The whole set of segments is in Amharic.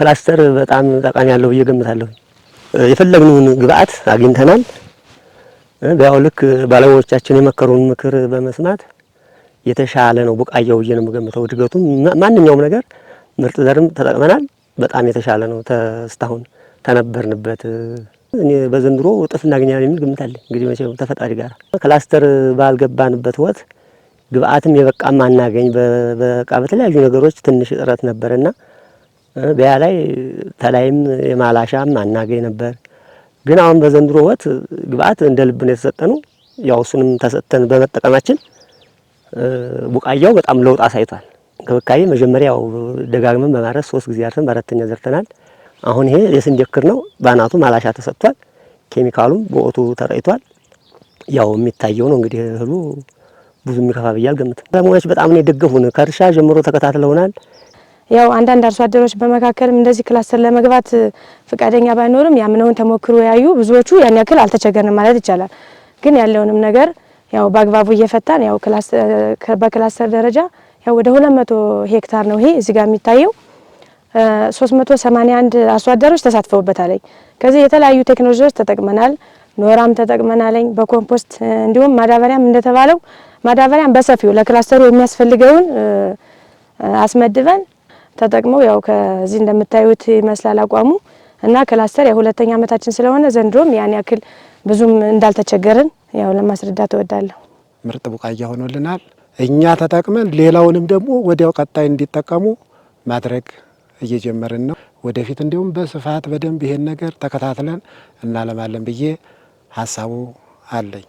ለክላስተር በጣም ጠቃሚ ያለው ብዬ ገምታለሁ። የፈለግነውን ግብአት አግኝተናል። ያው ልክ ባለሙያዎቻችን የመከሩን ምክር በመስማት የተሻለ ነው ቡቃያው ብዬ ነው የምገምተው። እድገቱም ማንኛውም ነገር ምርጥ ዘርም ተጠቅመናል። በጣም የተሻለ ነው እስካሁን ተነበርንበት። እኔ በዘንድሮ እጥፍ እናገኛለን የሚል ግምት አለኝ። እንግዲህ መቼም ተፈጣሪ ጋር ክላስተር ባልገባንበት ወት ግብአትም የበቃም አናገኝ በቃ በተለያዩ ነገሮች ትንሽ እጥረት ነበርና በያ ላይ ተላይም የማላሻም አናገኝ ነበር። ግን አሁን በዘንድሮ ወት ግብአት እንደ ልብ ነው የተሰጠነው። ያው እሱንም ተሰጥተን በመጠቀማችን ቡቃያው በጣም ለውጥ አሳይቷል። እንክብካቤ መጀመሪያው ደጋግመን በማረስ ሶስት ጊዜ አርሰን በአራተኛ ዘርተናል። አሁን ይሄ የስንዴ ክር ነው። በአናቱ ማላሻ ተሰጥቷል። ኬሚካሉም በወቱ ተረጭቷል። ያው የሚታየው ነው እንግዲህ እህሉ ብዙ የሚከፋ ብዬ አልገምትም። ሰሞኑን በጣም ነው የደገፉን። ከእርሻ ጀምሮ ተከታትለውናል። ያው አንዳንድ አርሶ አደሮች በመካከልም እንደዚህ ክላስተር ለመግባት ፈቃደኛ ባይኖርም ያምነውን ተሞክሮ ያዩ ብዙዎቹ ያን ያክል አልተቸገርንም ማለት ይቻላል። ግን ያለውንም ነገር ያው በአግባቡ እየፈታን ያው በክላስተር ደረጃ ያው ወደ 200 ሄክታር ነው ይሄ እዚህ ጋር የሚታየው 381 አርሶ አደሮች ተሳትፈውበታል። ከዚህ የተለያዩ ቴክኖሎጂዎች ተጠቅመናል። ኖራም ተጠቅመናለኝ በኮምፖስት እንዲሁም ማዳበሪያም እንደተባለው ማዳበሪያም በሰፊው ለክላስተሩ የሚያስፈልገውን አስመድበን ተጠቅመው ያው ከዚህ እንደምታዩት ይመስላል አቋሙ እና ክላስተር የሁለተኛ ዓመታችን ስለሆነ ዘንድሮም ያን ያክል ብዙም እንዳልተቸገርን ያው ለማስረዳት እወዳለሁ። ምርጥ ቡቃያ ሆኖልናል። እኛ ተጠቅመን ሌላውንም ደግሞ ወዲያው ቀጣይ እንዲጠቀሙ ማድረግ እየጀመርን ነው። ወደፊት እንዲሁም በስፋት በደንብ ይሄን ነገር ተከታትለን እናለማለን ብዬ ሀሳቡ አለኝ።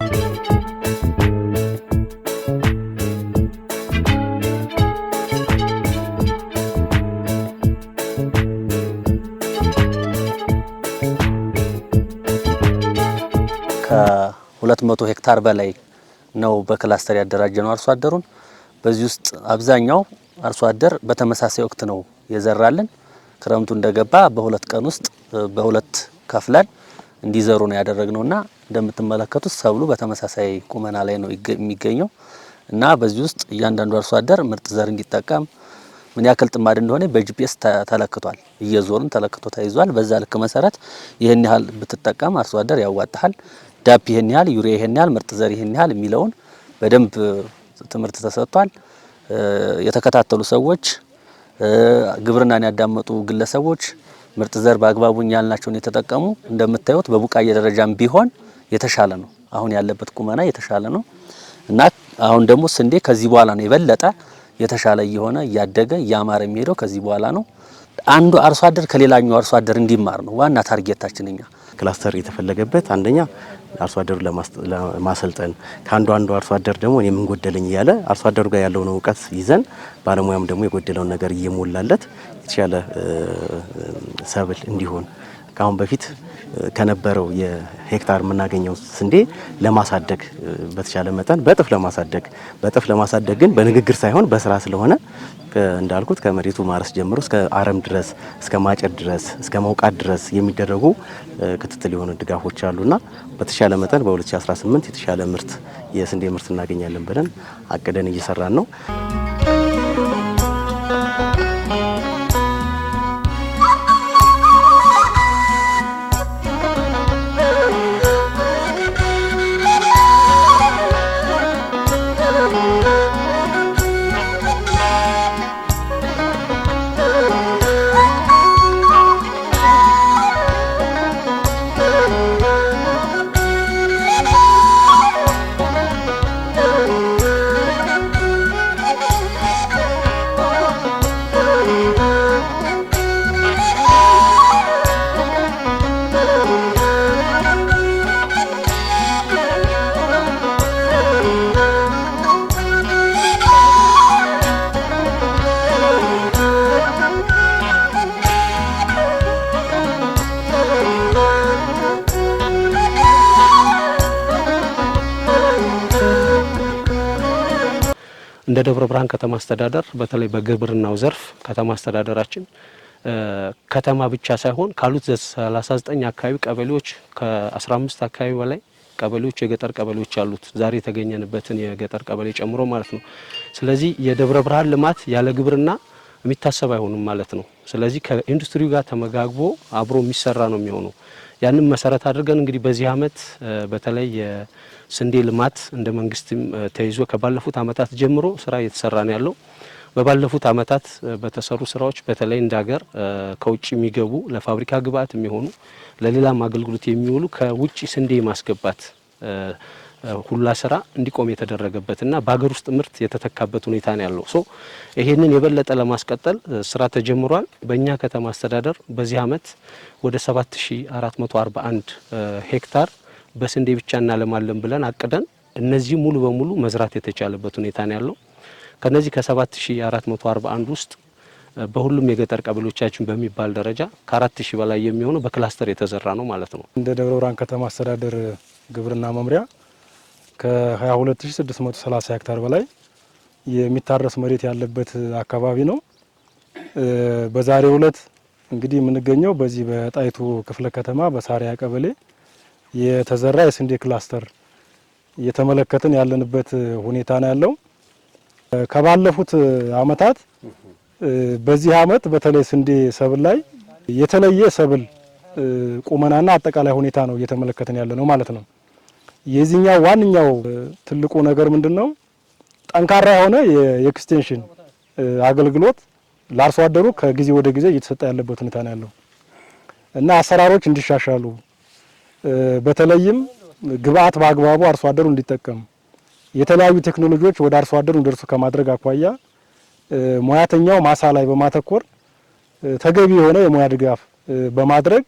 ከ200 ሄክታር በላይ ነው በክላስተር ያደራጀ ነው አርሶ አደሩን። በዚህ ውስጥ አብዛኛው አርሶ አደር በተመሳሳይ ወቅት ነው የዘራልን። ክረምቱ እንደገባ በሁለት ቀን ውስጥ በሁለት ከፍለን እንዲዘሩ ነው ያደረግነውና እንደምትመለከቱት ሰብሉ በተመሳሳይ ቁመና ላይ ነው የሚገኘው እና በዚህ ውስጥ እያንዳንዱ አርሶ አደር ምርጥ ዘር እንዲጠቀም ምን ያክል ጥማድ እንደሆነ በጂፒኤስ ተለክቷል። እየዞርን ተለክቶ ተይዟል። በዛ ልክ መሰረት ይህን ያህል ብትጠቀም አርሶ አደር ያዋጣሃል፣ ዳፕ ይሄን ያህል ዩሪያ ይሄን ያህል ምርጥ ዘር ይሄን ያህል የሚለውን በደንብ ትምህርት ተሰጥቷል። የተከታተሉ ሰዎች፣ ግብርናን ያዳመጡ ግለሰቦች ምርጥ ዘር በአግባቡ ያልናቸውን የተጠቀሙ እንደምታዩት በቡቃየ ደረጃም ቢሆን የተሻለ ነው። አሁን ያለበት ቁመና የተሻለ ነው እና አሁን ደግሞ ስንዴ ከዚህ በኋላ ነው የበለጠ የተሻለ እየሆነ እያደገ እያማረ የሚሄደው ከዚህ በኋላ ነው። አንዱ አርሶ አደር ከሌላኛው አርሶ አደር እንዲማር ነው ዋና ታርጌታችን። እኛ ክላስተር የተፈለገበት አንደኛ አርሶ አደሩ ለማሰልጠን ከአንዱ አንዱ አርሶ አደር ደግሞ እኔ ምን ጎደለኝ እያለ አርሶ አደሩ ጋር ያለውን እውቀት ይዘን ባለሙያም ደግሞ የጎደለውን ነገር እየሞላለት የተሻለ ሰብል እንዲሆን ከአሁን በፊት ከነበረው ሄክታር የምናገኘው ስንዴ ለማሳደግ በተቻለ መጠን በጥፍ ለማሳደግ በጥፍ ለማሳደግ ግን በንግግር ሳይሆን በስራ ስለሆነ እንዳልኩት ከመሬቱ ማረስ ጀምሮ እስከ አረም ድረስ እስከ ማጨድ ድረስ እስከ መውቃት ድረስ የሚደረጉ ክትትል የሆኑ ድጋፎች አሉና በተሻለ መጠን በ2018 የተሻለ ምርት የስንዴ ምርት እናገኛለን ብለን አቅደን እየሰራን ነው። እንደ ደብረ ብርሃን ከተማ አስተዳደር በተለይ በግብርናው ዘርፍ ከተማ አስተዳደራችን ከተማ ብቻ ሳይሆን ካሉት 39 አካባቢ ቀበሌዎች ከ15 አካባቢ በላይ ቀበሌዎች የገጠር ቀበሌዎች አሉት፣ ዛሬ የተገኘንበትን የገጠር ቀበሌ ጨምሮ ማለት ነው። ስለዚህ የደብረ ብርሃን ልማት ያለ ግብርና የሚታሰብ አይሆኑም ማለት ነው። ስለዚህ ከኢንዱስትሪው ጋር ተመጋግቦ አብሮ የሚሰራ ነው የሚሆነው። ያንም መሰረት አድርገን እንግዲህ በዚህ አመት በተለይ የስንዴ ልማት እንደ መንግስትም ተይዞ ከባለፉት አመታት ጀምሮ ስራ እየተሰራ ነው ያለው። በባለፉት አመታት በተሰሩ ስራዎች በተለይ እንደ ሀገር ከውጭ የሚገቡ ለፋብሪካ ግብአት የሚሆኑ ለሌላም አገልግሎት የሚውሉ ከውጭ ስንዴ ማስገባት ሁላ ስራ እንዲቆም የተደረገበትና በሀገር ውስጥ ምርት የተተካበት ሁኔታ ነው ያለው። ሶ ይሄንን የበለጠ ለማስቀጠል ስራ ተጀምሯል። በእኛ ከተማ አስተዳደር በዚህ አመት ወደ 7441 ሄክታር በስንዴ ብቻ እናለማለን ብለን አቅደን እነዚህ ሙሉ በሙሉ መዝራት የተቻለበት ሁኔታ ነው ያለው። ከነዚህ ከ7441 ውስጥ በሁሉም የገጠር ቀበሌዎቻችን በሚባል ደረጃ ከ4000 በላይ የሚሆኑ በክላስተር የተዘራ ነው ማለት ነው። እንደ ደብረ ብርሃን ከተማ አስተዳደር ግብርና መምሪያ ከ22630 ሄክታር በላይ የሚታረስ መሬት ያለበት አካባቢ ነው። በዛሬው ሁለት እንግዲህ የምንገኘው በዚህ በጣይቱ ክፍለ ከተማ በሳሪያ ቀበሌ የተዘራ የስንዴ ክላስተር እየተመለከትን ያለንበት ሁኔታ ነው ያለው። ከባለፉት አመታት በዚህ አመት በተለይ ስንዴ ሰብል ላይ የተለየ ሰብል ቁመናና አጠቃላይ ሁኔታ ነው እየተመለከትን ያለ ነው ማለት ነው። የዚህኛው ዋነኛው ትልቁ ነገር ምንድን ነው? ጠንካራ የሆነ የኤክስቴንሽን አገልግሎት ለአርሶ አደሩ ከጊዜ ወደ ጊዜ እየተሰጠ ያለበት ሁኔታ ነው ያለው እና አሰራሮች እንዲሻሻሉ በተለይም ግብአት በአግባቡ አርሶ አደሩ እንዲጠቀም የተለያዩ ቴክኖሎጂዎች ወደ አርሶ አደሩ እንዲደርሱ ከማድረግ አኳያ ሙያተኛው ማሳ ላይ በማተኮር ተገቢ የሆነ የሙያ ድጋፍ በማድረግ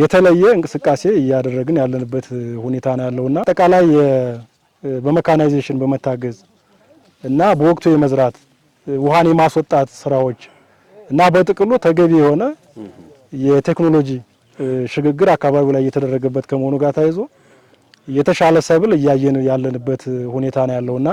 የተለየ እንቅስቃሴ እያደረግን ያለንበት ሁኔታ ነው ያለውና አጠቃላይ በመካናይዜሽን በመታገዝ እና በወቅቱ የመዝራት ውሃን የማስወጣት ስራዎች እና በጥቅሉ ተገቢ የሆነ የቴክኖሎጂ ሽግግር አካባቢው ላይ እየተደረገበት ከመሆኑ ጋር ተያይዞ የተሻለ ሰብል እያየን ያለንበት ሁኔታ ነው ያለውና